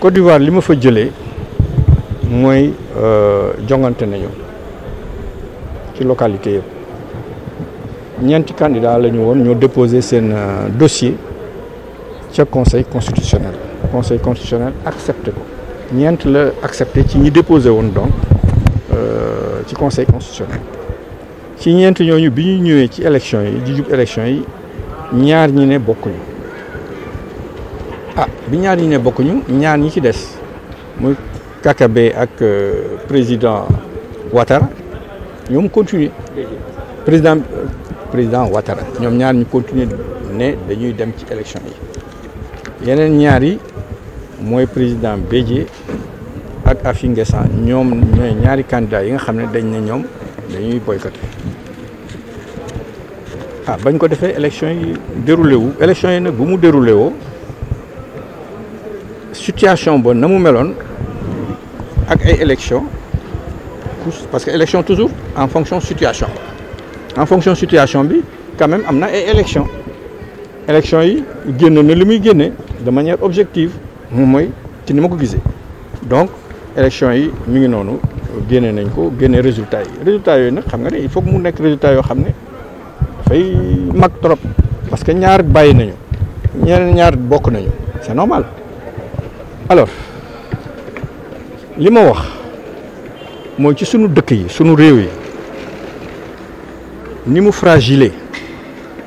Côte d'Ivoire li ma fa jëlee mooy euh, jongante nañu ci localité yëpp ñeenti candidat la ñu woon ñoo déposé seen euh, dossier ca conseil constitutionnel conseil constitutionnel accepté ko ñeent la accepté ci ñi déposé woon donc euh, ci conseil constitutionnel ci ñeent ñooñu bi ñu ñëwee ci élection yi di jub élection yi ñaar ñi ne bokkuñu ah bi ñaar ñi ne bokkuñu ñaar ñu ci des muy Kakabe ak euh, président Ouattara ñoom continuer président euh, président Ouattara ñoom ñaar ñu continuer ne dañuy dem ci élection yi yeneen ñaari mooy président Bédié ak afi N'Guessan ñoom ñooy ñaari candidat yi nga xam ne dañ ne ñoom dañuy boycotter ah bañ ko defee élection yi déroulé wu élection yi nag bu mu déroulé woo situation ba na mu meloon ak ay élection parce que élection toujours en fonction situation en fonction situation bi quand même am na ay élection élection yi génn na li muy génne de manière objective moom mooy ci ni ma ko gisee donc élection yi mu ngi noonu génne nañ ko génne résultat yi résultat yooyu nag xam nga ne il faut mu nekk résultat yoo xam ne fay mag trop parce que ñaar bàyyi nañu ñeneen ñaar bokk nañu c'est normal alors li ma wax mooy ci sunu dëkk yi sunu réew yi ni mu fragile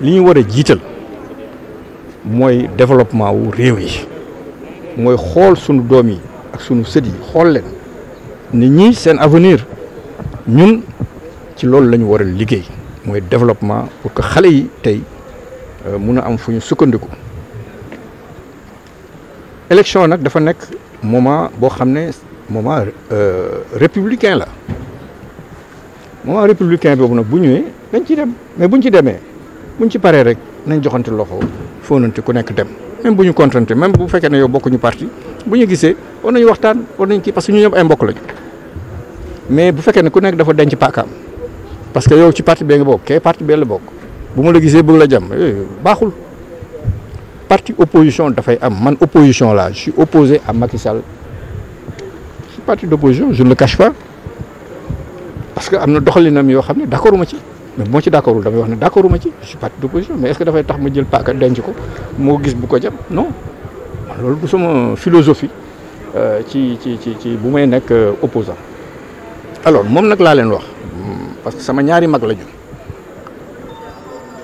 li ñu war a jiital mooy développement wu réew yi mooy xool sunu doom yi ak sunu sët yi xool leen nit ñii seen avenir ñun ci loolu lañu war a liggéey mooy développement pour que xale yi tey euh, mun a am fu ñu sukkandiku. élection nag dafa nekk moment boo xam ne moment euh, républicain la moment républicain boobu nag bu ñëwee dañ ci dem mais buñ ci demee buñ ci paree rek nañ joxante loxo foo fóonante ku nekk dem même bu ñu contenté même bu fekkee ne yow bokkuñu parti bu ñu gisee war nañu waxtaan war nañ kii parce que ñu ñëpp ay mbokk lañu mais bu fekkee ne ku nekk dafa denc paakaam parce que yow ci parti bee nga bokk kee parti bee la bokk bu ma la gisee bëgg la jam eh, baaxul. parti opposition dafay am man opposition laa je suis opposé à Macky Sall je suis parti d'opposition je ne le cache pas parce que am na doxalinam yoo xam ne ma ci mais moo ci d'accordul damay wax ne d'accorduma ci je suis parti d'opposition mais est-ce que dafay tax ma jël paaka denc ko moo gis bu ko jam non loolu bu sama philosophie euh, ci ci ci ci bu may nekk euh, opposant alors moom nag laa leen wax parce que sama ñaari mag la ñu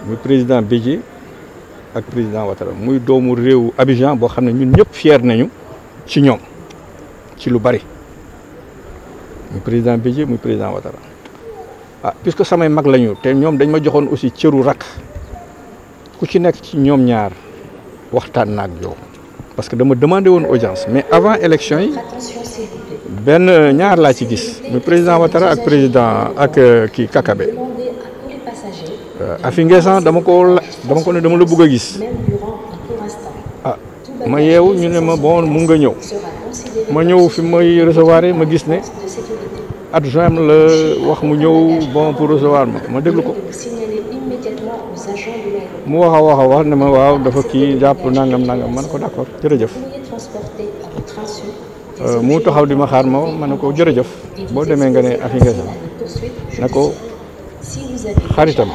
muy président Bédié ak président Ouattara muy doomu réew Abidjan boo xam ne ñun ñëpp fier nañu ci ñoom ci lu bari muy président Bédié muy président Ouattara ah puisque samay mag lañu te ñoom dañ ma joxoon aussi cëru rak ku ci nekk ci ñoom ñaar waxtaan naak yow parce que dama demandé woon audience mais avant élection yi benn ñaar laa ci gis muy président Ouattara ak président ak euh, kii Kakabe Euh, Afy Nguessan dama ko dama ko ne dama la bëgg a gis ah ma yeewu ñu ne ma bon mun nga ñëw ma ñëw fi may recevoir yi ma gis ne adjoint la wax mu ñëw bon pour recevoir ma ma déglu ko mu wax a wax wax ne ma waaw dafa kii jàpp nangam nangam ma ne ko d'accord jërëjëf euh, mu taxaw di ma xaar ma ma ne ko jërëjëf boo demee nga ne Afy Nguessan ne ko. xaritam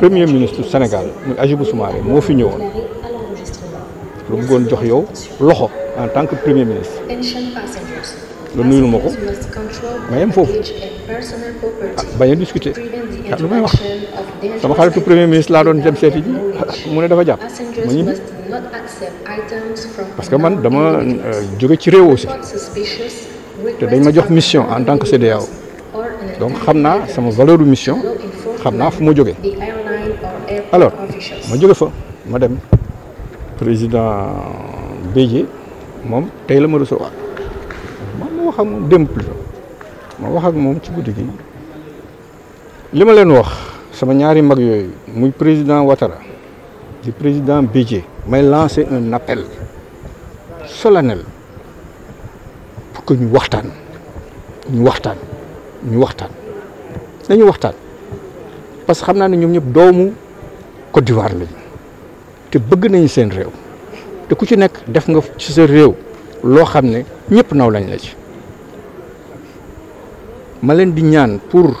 premier ministre Sénégal muy Hadjibou Soumaré moo fi ñëwoon lu bëggoon jox yow loxo en tant que premier ministre lu ma ko ma yem foofu ah, bañ a discuter ah, lu may wax sama xaritu premier ministre laa doon jëm seeti ji mu ne dafa jàpp ma ñibbi parce que man dama euh, jóge ci réew aussi te dañ ma jox mission en tant que CEDEAO donc xam naa sama valeur mission xam naa fu ma jógee alors ma jóge fa ma dem président Bédié moom tey la ma recevoir ma wax ak moom ma wax moom ci guddi gi li ma leen wax sama ñaari mag yooyu muy président Ouattara di président Bédié may lancer un appel solennel pour que ñu waxtaan ñu waxtaan. ñu waxtaan nañu waxtaan parce que xam naa ne ñoom ñëpp doomu Côte d'Ivoire lañu te bëgg nañu seen réew te ku ci nekk def nga ci sa réew loo xam ne ñëpp naw lañ la ci ma leen di ñaan pour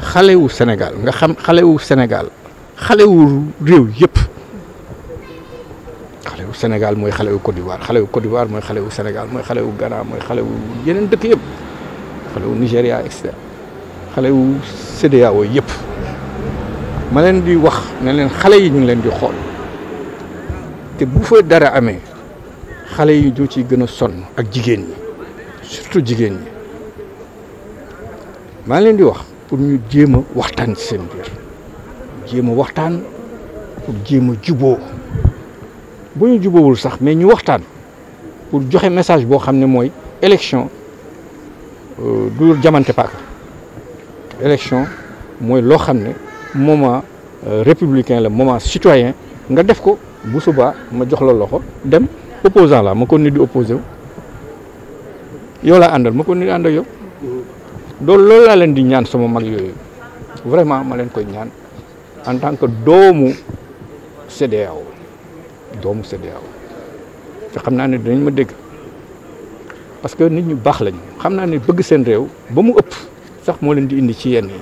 xale wu Sénégal nga xam xale wu Sénégal xale wu réew yépp xale wu Sénégal mooy xale wu Côte d'Ivoire xale wu Côte d'Ivoire mooy xale wu Sénégal mooy xale wu Ghana mooy xalewu wu yeneen dëkk yëpp. xale wu Nigéria et cetera xale wu CEDEAO yëpp ma leen di wax ne leen xale yi ñu ngi leen di xool te bu fa dara amee xale yi ñoo ci gën a sonn ak jigéen ñi surtout jigéen ñi maa leen di wax pour ñu jéem a waxtaan ci seen biir jéem waxtaan pour jéem a juboo bu ñu juboowul sax mais ñu waxtaan pour joxe message boo xam ne mooy élection du jamante paaka élection mooy loo xam ne moment euh, républicain la moment citoyen nga def ko bu suba ma jox la loxo dem opposant la ma kon ni di opposé wu yow laa àndal ma kon ni di ànd ak doolu loolu laa leen di ñaan sama mag yooyu vraiment ma leen koy ñaan en tant que doomu CEDEAO doomu CEDEAO te xam naa ne dañ ma dégg parce que nit ñu baax lañu xam naa ni bëgg seen réew ba mu ëpp sax moo leen di indi ci yenn yi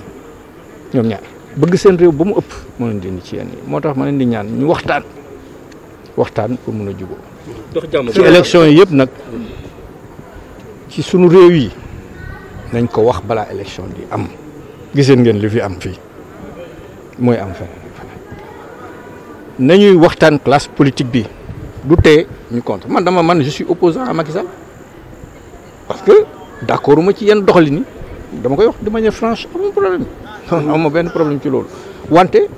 ñoom ñaar bëgg seen réew ba mu ëpp moo leen di indi ci yenn yi moo tax ma leen di ñaan ñu waxtaan waxtaan pour mun a juboo ci élection yi yëpp nag ci sunu réew yi nañ ko wax balaa élection di am giseen ngeen li fi am fii mooy am feneen nañuy waxtaan classe politique bi du tee ñu contre man dama man je suis opposant à Macky Sall d' accord ma ci yenn doxalin yi dama koy wax de manière franche amul problème ah amuma benn problème ci loolu wante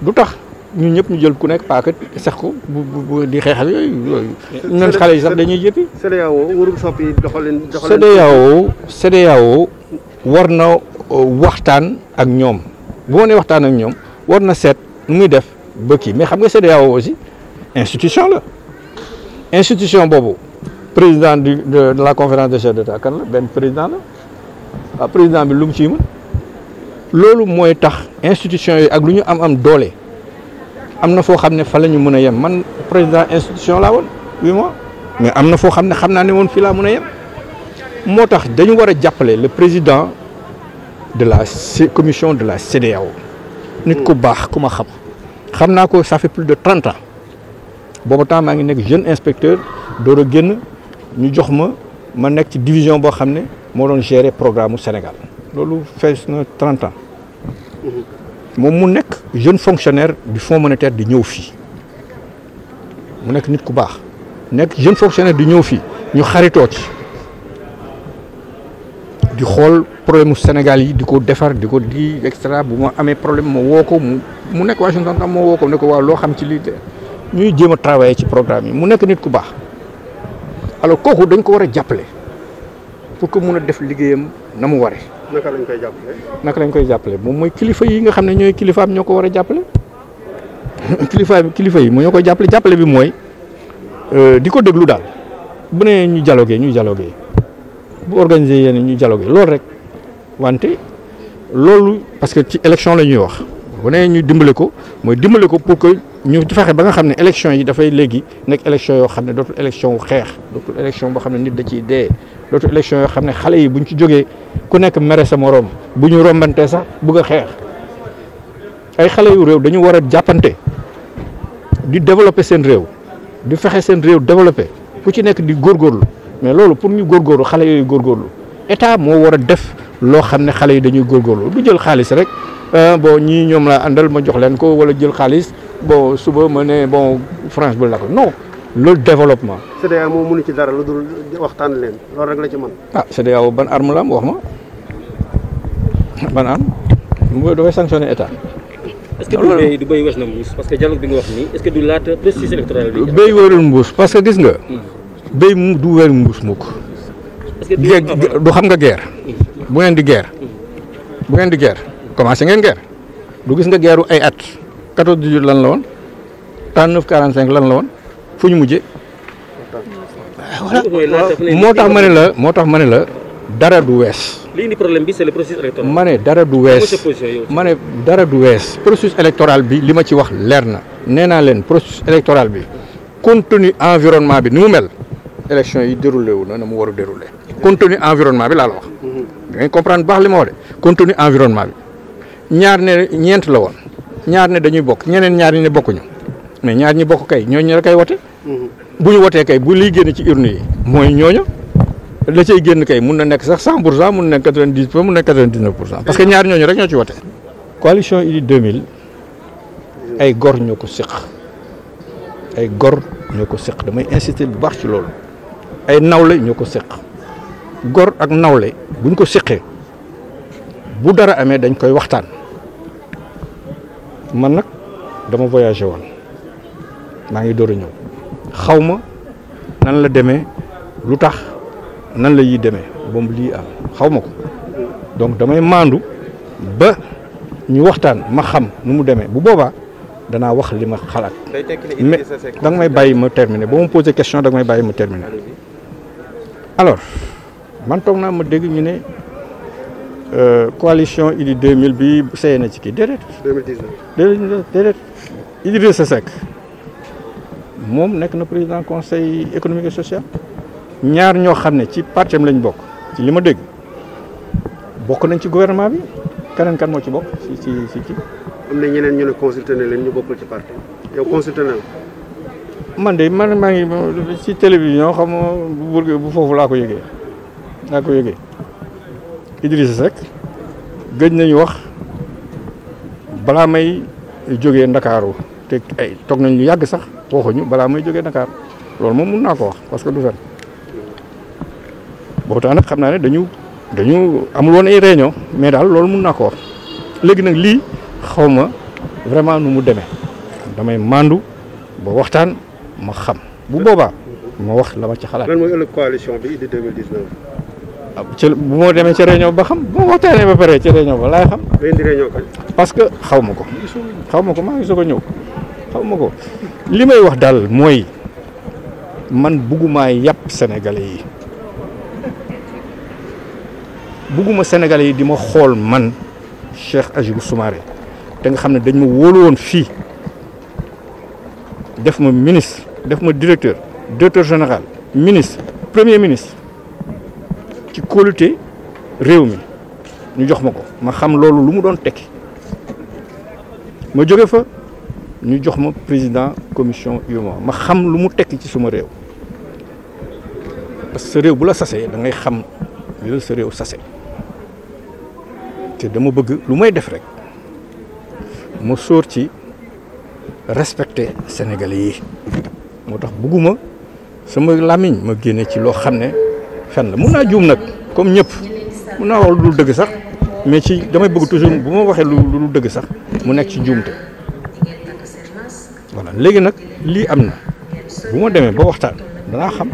du tax ñun ñëpp ñu jël ku nekk paaka sax ko bu di xeexal yooyu yooyu. ñun xale yi sax dañuy jëppi. CEDEAO warul soppi doxalin doxalin. CEDEAO CEDEAO war na euh, waxtaan ak ñoom boo nee waxtaan ak ñoom war na seet nu muy def ba kii mais xam nga CEDEAO aussi institution la institution boobu. président du de la conférence des chefs d'État kan la benn président la président bi lu mu ciy loolu mooy tax institution yi ak lu ñu am am doole am na foo xam ne fa la ñu mun a yem man président institution laa woon oui moi mais am na foo xam ne xam naa ne woon fii laa mën a yem moo tax dañu war a jàppale le président de la commission de la CEDEAO nit ku baax ku ma xam xam naa ko ça fait plus de trente ans booba temps maa ngi nekk jeune inspecteur door a génn ñu jox ma ma nekk ci division boo xam ne moo doon gérer programme mu Sénégal loolu fees na trente moom mu nekk jeune fonctionnaire du Fonds monétaire di ñëw fii mu nekk nit ku baax nekk jeune fonctionnaire di ñëw fii ñu xaritoo ci di xool problème mu Sénégal yi di ko defar di ko di extra bu ma amee problème ma woo ko mu mu nekk Washington tam moo woo ko ne ko waaw loo xam ci lii de ñuy jéem a travailler ci programme yi mu nekk nit ku baax. alors kooku dañ ko war a jàppale pour que mun a def liggéeyam na mu waree. naka lañ koy jàppale. naka lañ koy jàppale moom mooy kilifa yi nga xam ne ñooy kilifaam ñoo ko war a jàppale kilifa kilifa yi moo ñoo jàppale jàppale bi mooy euh, di ko déglu daal bu nee ñu dialogué ñu dialogué bu organiser yenn ñu dialogué loolu rek wante loolu parce que ci élection la ñuy wax. wane ñu dimbale ko mooy dimbale ko pour que ñu fexe ba nga xam ne élection yi dafay léegi nekk élection yoo xam ne dootul élection wu xeex dootul élection boo xam ne nit da ciy dee dootul élection yoo xam ne xale yi buñ ci jógee ku nekk mere sa moroom bu ñu rombantee sax bëgg a xeex ay xale yu réew dañu war a jàppante di développer seen réew di fexe seen réew développer ku ci nekk di góor góorlu mais loolu pour ñu góor góorlu xale yooyu góorgóorlu état moo war a def loo xam ne xale yi dañuy góorgóorlu du jël xaalis rek. Euh, boo ñii ñoom laa àndal ma jox leen ko wala jël xaalis bon suba ma ne bon France ba la ko non loolu développement. CEDEAO moo mënu ci dara lu dul waxtaan leen loolu rek la ci mën. ah CEDEAO ban arme la am wax ma ban arme mooy dafay sanctionner état. est-ce na mbuus parce que dialogue bi nga wax nii est-ce parce que gis nga. Hmm. béy mu du wër mbuus mukk. du xam nga guerre. bu ngeen di guerre. bu ngeen di guerre. commencé ngeen guerre du gis nga guerre ay at 14 18 lan la woon 39 45 lan la woon fu ñu mujjee. voilà moo tax ma ne la moo tax ma ne la dara du wees. li indi problème bi c'est le ma ne dara du wees ma ne du wees processus électoral bi li ma ci wax leer na nee naa leen processus électoral bi contenu environnement bi ni mu mel élection yi déroulé wu na na mu war a déroulé contenu environnement bi laa la wax. Mhm. da ngay baax li ma wax de contenu environnement bi. ñaar ne ñeent la woon ñaar ne dañuy bokk ñeneen ñaar ñi ne bokkuñu mais ñaar ñi bokk kay ñoo ñooñu la kay wote. Mm-hmm. bu ñu wotee kay bu liy génn ci urne yi mooy ñooñu la cay génn kay mun na nekk sax 100 pour cent mun na nekk 90 pour mun na nekk 99 pour cent parce que ñaar ñooñu rek ñoo ci wote. coalition Idy 2000 ay gor ñoo ko seq ay gor ñoo ko seq damay insité bu baax ci loolu ay nawle ñoo ko seq gor ak nawle buñ ko seqee bu dara amee dañ koy waxtaan. man nag dama voyagé woon maa ngi door a ñëw xaw ma nan la demee lu tax nan la yi demee moom lii am xaw ma ko donc damay maandu ba ñu waxtaan ma xam nu mu demee bu boobaa danaa wax li ma xalaat. mais da may bàyyi ma terminer ba ma posé question da nga may bàyyi ma terminer alors man toog naa ma dégg ñu ne. Euh, coalition de 2000 bi sey na ci kii déedéet. 2019 déedéet déedéet Idrissa Seck moom nekk na président conseil économique et social ñaar ñoo xam ne ci parti am lañ bokk ci li ma dégg bokk nañ ci gouvernement bi keneen kan moo ci bokk si si si ci am na ñeneen ñu ne leen ñu bokkul ci parti yow consulté man de man maa ngi ci télévision xam bu bu foofu laa ko yëgee laa ko yëgee. Idrissa Seck gëj nañu wax balaa may jógee ndakaaru te ay toog nañ lu yàgg sax waxuñu balaa may jóge Dakar loolu moom mun naa ko wax parce que du fen boobu tax nag xam naa ne dañu dañu amul woon ay réunion mais daal loolu mun naa ko wax léegi nag lii xaw ma nu mu demee damay màndu ba waxtaan ma xam bu boobaa ma wax la ma ci xalaat. lan mooy ci bu moo demee ci réunion ba xam bu ma waxtaanee ba pare ci réunion ba laay xam. parce que xaw ma ko. xaw ma ko maa ngi soog a ñëw xaw ma ko li may wax daal mooy man bugguma yàpp sénégalais yi bugguma sénégalais yi di ma xool man Cheikh Agibou Soumaré te nga xam ne dañ ma wóolu woon fii def ma ministre def ma directeur directeur général ministre premier ministre. ci kóolute réew mi ñu jox ma ko ma xam loolu lu mu doon tekki ma jóge fa ñu jox ma président commission UEMOA ma xam lu mu tekki ci suma réew parce que sa réew bu la sasee da ngay xam li la sa réew sase te dama bëgg lu may def rek ma sóor ci respecter sénégalais yi moo tax bëgguma sama làmmiñ ma génne ci loo xam ne fen la mun naa juum nag comme ñëpp mun naa wax lu dul dëgg sax mais ci damay bëgg toujours bu ma waxee lu lu dul dëgg sax mu nekk ci juumte voilà léegi nag lii am na bu ma demee ba waxtaan danaa xam.